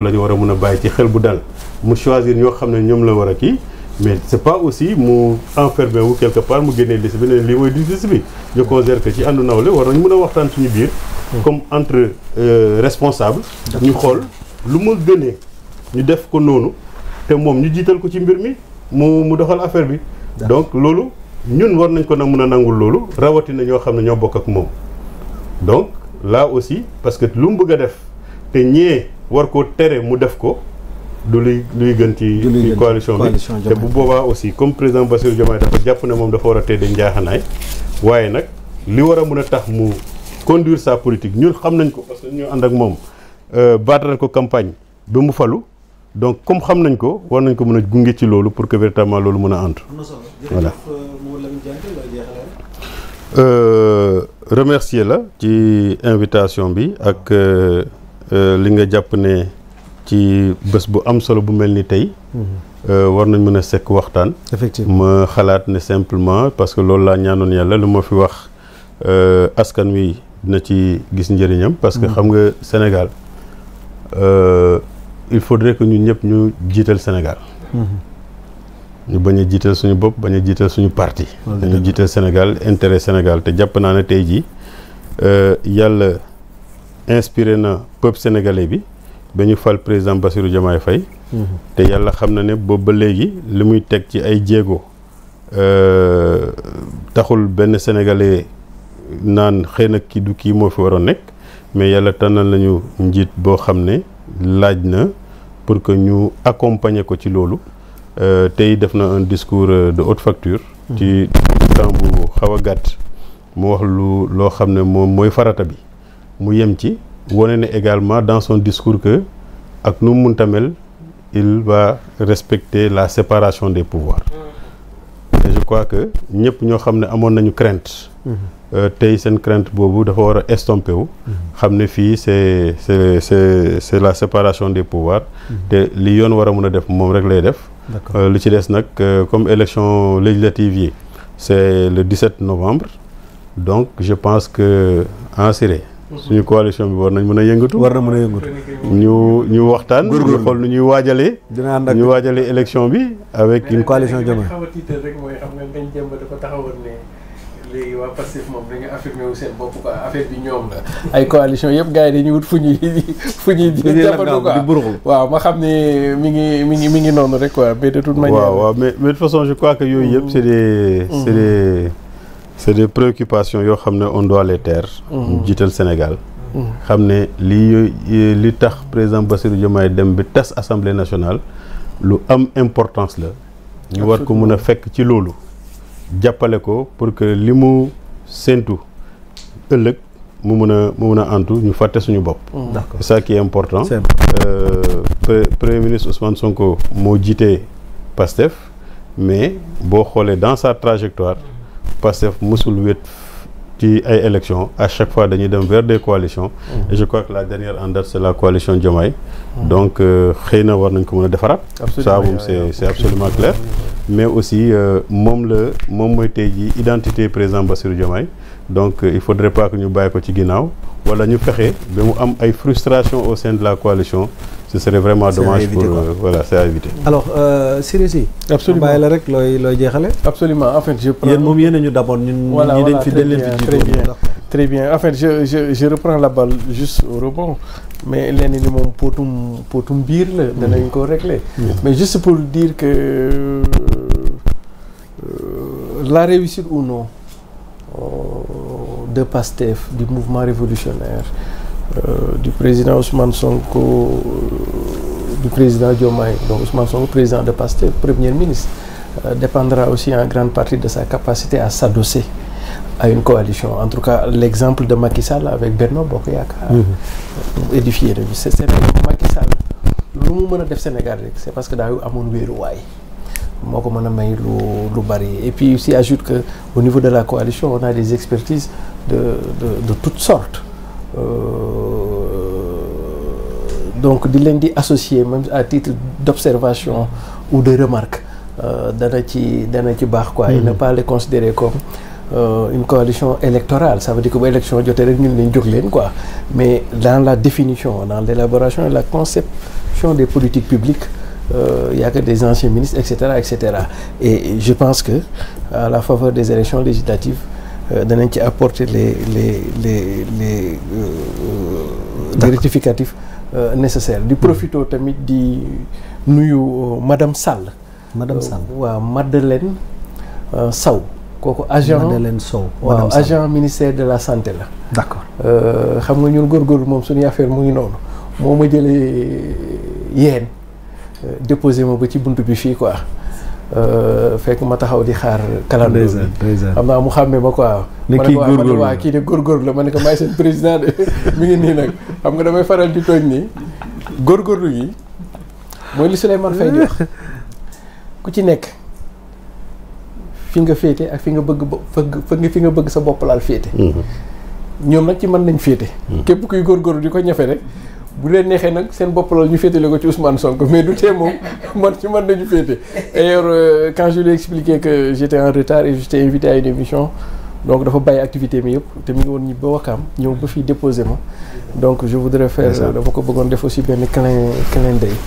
lañu war a mën a bàyyi ci xel bu dal mu choisir ñoo xam ne ñoom la war a kii mais c'est pas aussi mu enfermé wu quelque part mu génnee liste bi ne lii mooy liste bi je considère que ci àndu nawle wara nañ mën a waxtaan suñu biir hmm. comme entre euh, responsable ñu xool lu mu gënee ñu def ko noonu te moom ñu jiital ko ci mbir mi mu mu doxal affaire bi donc loolu ñun war nañ ko na mën a nangul loolu rawatina ñoo xam ne ñoo bokk ak moom donc là aussi parce que lu mu bëgg a def te ñee war ko tere mu def ko du luy luy gën ci ci coalition bi te bu boobaa aussi comme président Bassirou Diomaye dafa jàpp ne moom dafa war a tëdd njaaxanaay waaye nag li war a mën a tax mu conduire sa politique ñu xam nañ ko parce que ñu ànd ak moom euh, baataral ko campagne ba mu falu donc comme xam nañ ko war nañ ko mën a gunge ci loolu pour que véritablement loolu mën a ànd voilà euh, euh, remercier la ci invitation bi ak Euh, li nga jàpp ne ci bés bu am solo bu mel ni tey. Mhm. Euh, war nañ mën a sekk waxtaan. effectivement ma xalaat ne simplement parce que loolu laa ñaanoon yàlla lu ma fi wax euh, askan wi dina ci gis njëriñam. parce que mhm. xam nga Sénégal il faudrait que ñun ñëpp ñu jiital Sénégal. Mhm. ñu bañ jiital suñu bopp bañ a jiital suñu parti. dañu jiital Sénégal intérêt Sénégal te jàpp naa ne tey jii yàlla inspiré na. peuple sénégalais bi ba ñu fal président basiru Diomaye fay te yàlla xam na ne boobu ba léegi li muy teg ci ay jéego euh, taxul benn sénégalais naan xëy na kii du kii moo fi waroon nekk mais yàlla tànnal nañu njiit boo xam ne laaj na pour que ñu accompagner ko ci loolu euh, tey def na un discours euh, de haute facture ci temps bu xaw a gàtt mu wax lu loo xam ne moom mooy farata bi mu yem ci wone ne également dans son discours que ak nu mun munta il va respecter la séparation des pouvoir mm. je crois que ñëpp ñoo xam ne amoon nañu crainte mm-hmm. euh, tey seen crainte boobu dafa war a estompé wu mm-hmm. xam ne fii c'est c'est c'est c'est la séparation des pouvoir mm-hmm. te li yoon war a mun a def moom rek lay def euh, lu ci des nag euh, comme élection législative yi c'est le 17 novembre donc je pense que en suñu coalition bi war nañ mën a yëngatu. na mën a yëngatu. ñu ñu waxtaan. ñu lu ñuy waajalee. dina ànd ak ñu waajalee élection bi. avec une coalition Diomaye mais nag li yëpp gars yi dañuy waaw ma xam ne mi ngi mi ngi mi ngi noonu rek quoi mais de toute manière. waaw waaw mais mais de je crois que yooyu yëpp c'est des mm. c'est des. c'est des préoccupations yoo xam ne on doit les taire mu mmh. jiital Sénégal mmh. xam ne li li tax président Bassirou Diomaye dem bi tas assemblée nationale lu am importance la ñu war ko mun a fekk ci loolu jàppale ko pour que li mu séntu ëllëg mu mun a mu a antu ñu fàtte suñu bopp mmh. c'est ça qui est important euh, premier ministre Ousmane Sonko moo jiitee PASTEF mais boo xoolee dans sa trajectoire Pastef mosul wet ci ay élections à chaque fois dañuy dem vers des coalitions mm. je crois que la dernière en date c'est la coalition Diomaye mm. donc euh, xëy na war nañ ko mën a defaraat ça moom c'est c'est absolument clair mais aussi euh, moom la moom mooy tey jii identité président Bassirou Diomaye donc euh, il faudrait pas que ñu bàyyi ko ci ginnaaw wala ñu fexe ba mu am ay frustrations au sein de la coalition ce serait vraiment dommage pour euh, voilà c'est à éviter. alors euh, Siré Sy. absolument bàyyi la rek looy looy jeexale. absolument en fait je. yéen moom yéen ñu d'abord ñun. voilà ñii dañ fi dañ leen fi très bien très je reprends la balle juste rebond mais lenn ni moom potum potum biir la. danañ ko régler. mais juste pour dire que euh, la réussit ou non de Pastef du mouvement révolutionnaire. Euh, du président Ousmane Sonko euh, du président Diomaye donc Ousmane Sonko président de Pastef premier ministre euh, dépendra aussi en grande partie de sa capacité à s'adosser à une coalition en tout cas l'exemple de Macky Sall avec Benno Bokk Yaakaar. Mhm. édifié nañu c' est Macky Sall lu mu mën a def Sénégal rek c' parce que daa amoon wéeruwaay moo ko mën a may lu lu bari et puis aussi ajoute que au niveau de la coalition on a des expertises de toute de donc di leen di associer même à titre d'observation ou de remarque euh, dana ci dana ci baax quoi et ne mm-hmm. pas les considérer comme Euh, une coalition électorale ça veut dire que bu élection jotee rek ñu leen jóg leen quoi mais dans la définition dans l'élaboration et la conception des politiques publiques euh, y que des anciens ministres et cetera et cetera je pense que à la faveur des élections législatives euh, danañ euh, ci apporter les les les les euh, rectificatifs Euh, nécessaire di profito tamit di nuyu euh, madame Sall. madame Sall euh, waaw Madeleine Sow. kooku agent Madeleine Sow. waaw agent ministère de la santé la. d'accord xam nga ñun góorgóorlu moom suñuy affaire mu ngi noonu moo ma jëlee yéen déposé ma ba ci bunt bi fii quoi. Euh, fekk ma taxaw di xaar calendrier xam naa mu xàmmee ma quoi ne kii ah, góorgóorlu waaw ah, kii de góorgóorlu la ma ne ko maay seen président de mi ngi nii nag xam nga damay faral di tooñ nii góorgóorlu yi mooy li Souleymane Faye di ku ci nekk fi nga féete ak fi nga bëgg fa fi nga bëgg sa bopp laal féete mhm. ñoom nag ci mën nañ féete mhm. képp kuy góorgóorlu di ko ñafe rek bu leen neexee nag seen bopp ñu féetale ko ci Ousmane Sonko mais du tee moom man ci man nañu féete d'ailleurs euh, quand je lui ai expliqué que j'étais en retard et j'étais invité à une émission donc dafa bàyyi activité mi yëpp te mi ngi woon ñi ba wakaam ñëw ba fii déposé ma donc je voudrais faire dama ko bëggoon def aussi benn clin clin d'œil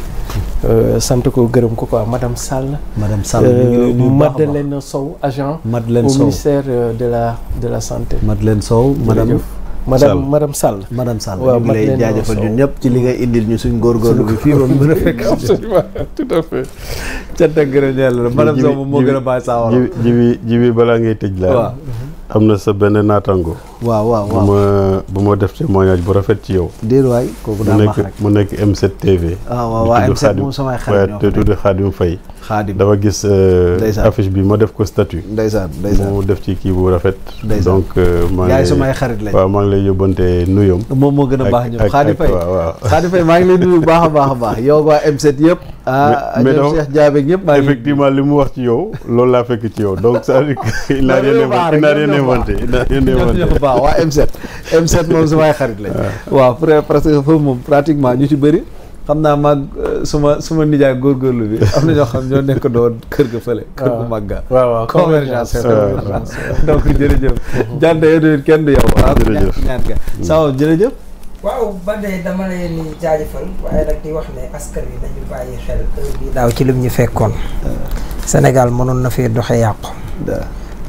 euh, sant ko gërëm ko ko madame Sall madame Sall euh, Madeleine Sow agent Madeleine Sow au ministère de la de la santé Madeleine Sow madame madame madame Sall madame Sall waaw ma ngi lay jaajëfal ñun ñëpp ci li nga indil ñu suñ góorgóorlu bi fii ba mu mën a fekk tout à fait cant ak gërëm yàlla madame Sow moom moo gën a bàyyi saa wala jibi jibi balaa ngay tëj laa waaw am na sa benn naatango waaw waaw waaw bu ma bu ma def témoignage bu rafet ci yow. déedéet waay kooku daa mu nekk mu nekk M7 TV. Ah, waaw waaw waaw M7 moom samay xarit ñoo xam tudd Xaadim euh, bi ma def ko statut. ndeysaan ndeysaan mu def ci kii bu rafet. donc euh, maa ngi lay samay xarit lañ. waaw maa ngi lay yóbbante nuyom moom moo gën a baax ñoom Xaadim a baax a baax yow waa M7 yëpp. ah ñoom Cheikh Diabeeg ñëpp maa ngi effectivement li mu wax ci yow loolu laa fekk ci yow donc c'est-à-dire que il n'a rien inventé il n'a rien inventé waaw waa M7 M7 moom sumay xarit lañ ah. waaw parce que foofu moom pratiquement ñu ci bëri xam naa maag euh, suma suma nijaay góorgóorlu bi am na ñoo xam ñoo nekk doon kër ga fële kër gu ah. mag ga waaw convergence donc jërëjëf jante yow kenn du yow waaw ah. ñaan nga sawa jërëjëf waaw ba dee dama leen jaajëfal waaye nag di wax ne askan bi nañu bàyyi xel heure bi daaw ci lim ñu fekkoon Sénégal mënoon na fee doxe yàqu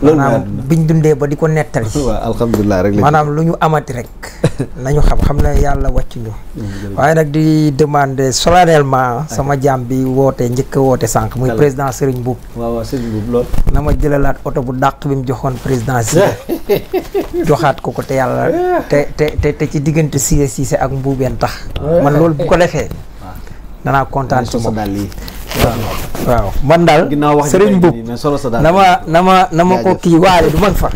loolu maanaam biñ dundee ba di ko nettali. waaw alhamdulilah rek maanaam lu ñu amati rek nañu xam xam na yàlla wàccuñu. waaye nag di demande solennellement sama jaam bi woote njëkk woote sànq. muy président Serigne Mboup. waaw waaw Serigne Mboup lool. na ma jëlalaat oto bu dàq bi mu joxoon président si joxaat ko ko te yàlla te te te ci diggante Cissé Cissé ak Mboubeen tax. man loolu bu ko defee. danaa kontaan ci moom waaw man daal sëriñ Mbuub na ma na ma na ma ko kii waale du mag fa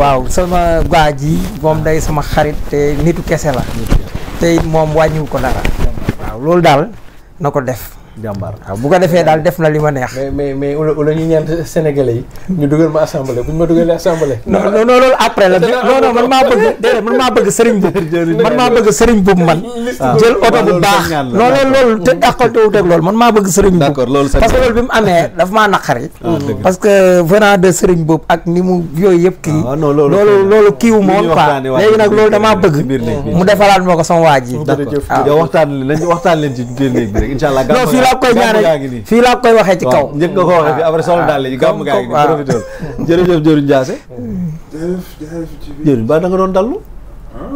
waaw sama gaa ji moom day sama xarit te nitu kese la te moom wàññiwu ko dara loolu daal na ko def jàmbaar ko defee daal def na li ma neex. mais mais mais wala ñu ñaan Sénégalais yi ñu dugal ma assemblée bu ñu ma dugalee assemblée. non non loolu après la non non man maa bëgg déedéet man maa bëgg sëriñ boobu man maa bëgg man. Ah. jël oto bu baax non loolu te dàqaltewu teg loolu man maa bëgg sëriñ boobu. d'accord loolu parce que loolu bi mu amee daf maa naqari. Ah, parce que venant de sëriñ boobu ak ni mu yooyu yëpp kii. Ah, loolu loolu kii wu ma léegi nag loolu damaa bëgg mu defalaat ma ko sama waa ji. d'accord waaw laa koy ñaanal fii laa koy waxee ci kaw njëkk nga ko waxee fii après sol daal yi gàmm gaa ngi nii profité jërëjëf Diorou Ndiassé ba da doon dallu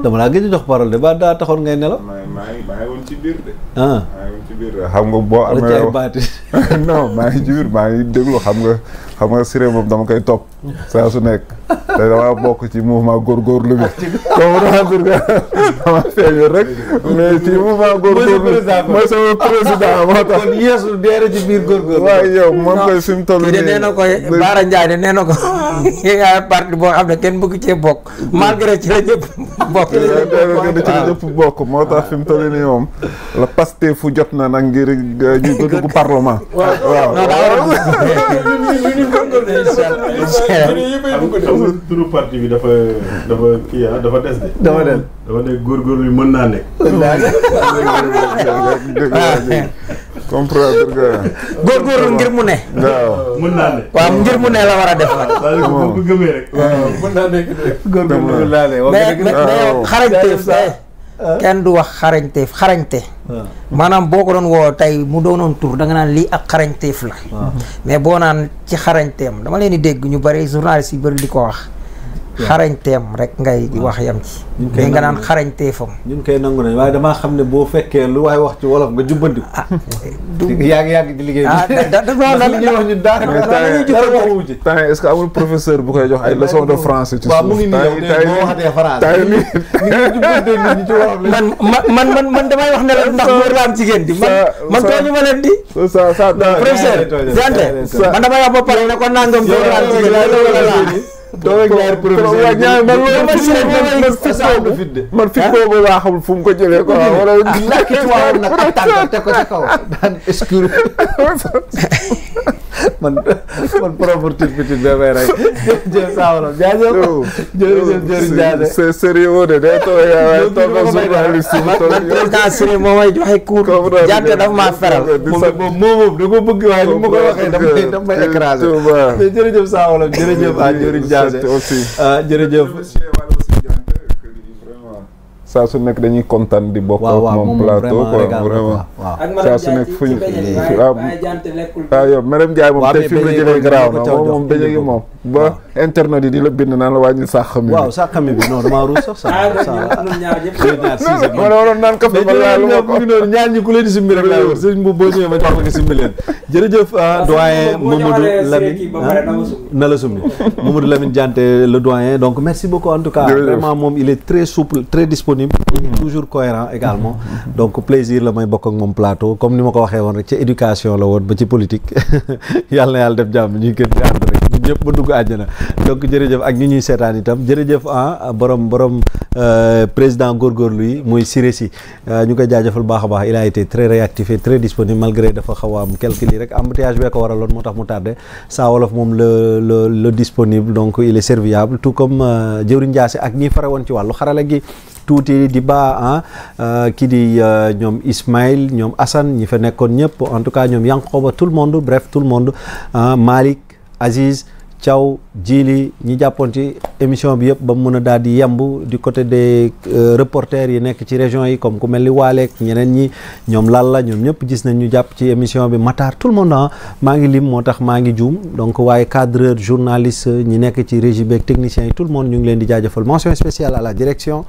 dama laa gëj a jox parole de ba daa taxoon ngay nelaw maa ngi maa woon ci biir de ah. maa ngi woon ci biir xam nga boo amee non maa ngi ci biir maa ngi déglu xam nga xam nga Siré moom dama koy topp saa su nekk te dama bokk ci mouvement góorgóorlu bi comprendre nga dama feeñu rek mais ci mouvement góorgóorlu président moo tax kon yeesu deere ci biir góorgóorlu waaye yow moom koy fi toll nii de nee na ko Baara Ndiaye de boo xam ne kenn bëgg ci bokk dé ci la ñëpp bokk moo tax fi toll nii moom la Pastef fu jot na nag ngir euh, ñu dugg parlement waaw xam turu parti bi dafa dafa kii dafa des de. dafa des dafa nekk góorgóorlu yi mën naa nekk. comprendre nga. góorgóorlu ngir mu ne. waaw mën naa ne. waaw ngir mu ne la war a def nag. waaw mën naa nekk de. góorgóorlu mën naa ne. waaw kenn du wax xarañteef xarañte maanaam boo ko doon woow tey mu doonoon tur da nga naan lii ak xarañteef la mais boo naan ci xarañteem dama leen di dégg ñu bëri journaliste si bëri di ko wax xarañteem rek ngay wax yam ci da nga naan xarañteefam ñun koy nangu nañ waaye damaa xam ne boo fekkee lu waaye wax ci wolof nga jubbanti ah yaa ngi yàgg di liggéey ah, wax ñu daanakañu ci temps est-ce que amul professeur bu koy jox ay leçon de français ci suuf mu ngi nii boo waxatee nga jubbante nit ñi ci wolof man man man man damay wax ne la ndax góor la jigéen di man man tooñu ma leen di professeur Diante man damay wax ba pare ne ko nangam góor la am jigéen doo ñaari professeur ñaari man loolu fit de man fit boobu laa xamul fu mu ko jëlee quoi wala la ki ci waxoon nag ak tànk teg ko ca kaw daan escure man man proportif petit bébé rek jërëjëf Saawaram jaajëf jërëjëf jërëjëf c'est sérieux de day toog waaye toog na journaliste man président Siré moo may joxe cours jàtte dafa maa feral moom moom da ko bëgg waaye ni ma ko waxee daf may daf may écrasé mais jërëjëf Saawaram jërëjëf ah jërëjëf ziar aussi ah, jërëjëf saa su nekk dañuy kontaan di bokk ak moom plateau quoi vraiment saa su nekk fu ñu waaw waaw yow madame Ndiaye moom tey fi mu la jëlee garaaw na moom moom dañu ngi moom ba internet yi di la bind naan la wàññi sàqami bi waaw sàqami bi non damaa ruus sax sa ma la waroon naan kaf dama laalu ma ko noonu ñaar ñi ku leen di simbi rek laa yor sëñ bu boo ñëwee ma jox la ko simbi leen jërëjëf ah, doyen ah, Mamadou Lamine na la sumbi doyen donc merci beaucoup en tout cas vraiment moom il est très souple très disponible disponible mm-hmm. toujours cohérent également mm-hmm. donc plaisir la may bokk ak moom plateau comme ni ma ko waxee woon rek ci éducation la woon ba ci politique yàlla na yàlla def jàmm ñuy gën di ànd rek ñun ñëpp ba dugg àjjana donc jërëjëf ak ñi ñuy seetaan itam jërëjëf ah borom borom euh, président góorgóorlu yi mooy Siré Sy euh, ñu koy jaajëfal baax a baax il a été très réactif et très disponible malgré dafa xaw am quelque lii rek embouteillage bee ko waraloon moo tax mu tardé saa wolof moom le le le disponible donc il est serviable euh, ak ñi fare woon ci wàllu xarala gi tuuti di ba ah euh, kii di euh, ñoom Ismail ñoom Assane ñi fa nekkoon ñëpp en tout cas ñoom Yankoba tout le monde bref tout le monde ah, Malick Aziz Thiaw Jili ñi jàppoon ci émission bi yëpp ba mu mën a daal di yemb du côté des euh, reporters yi nekk ci région yi comme ku mel ni Waaleek ñeneen ñi ñoom Lalla ñoom ñëpp gis nañ ñu jàpp ci émission bi Matar tout le monde ah, maa ngi lim moo tax maa ngi juum donc waaye cadreur journaliste ñi nekk ci régie beeg techniciens yi tout le monde ñu la direction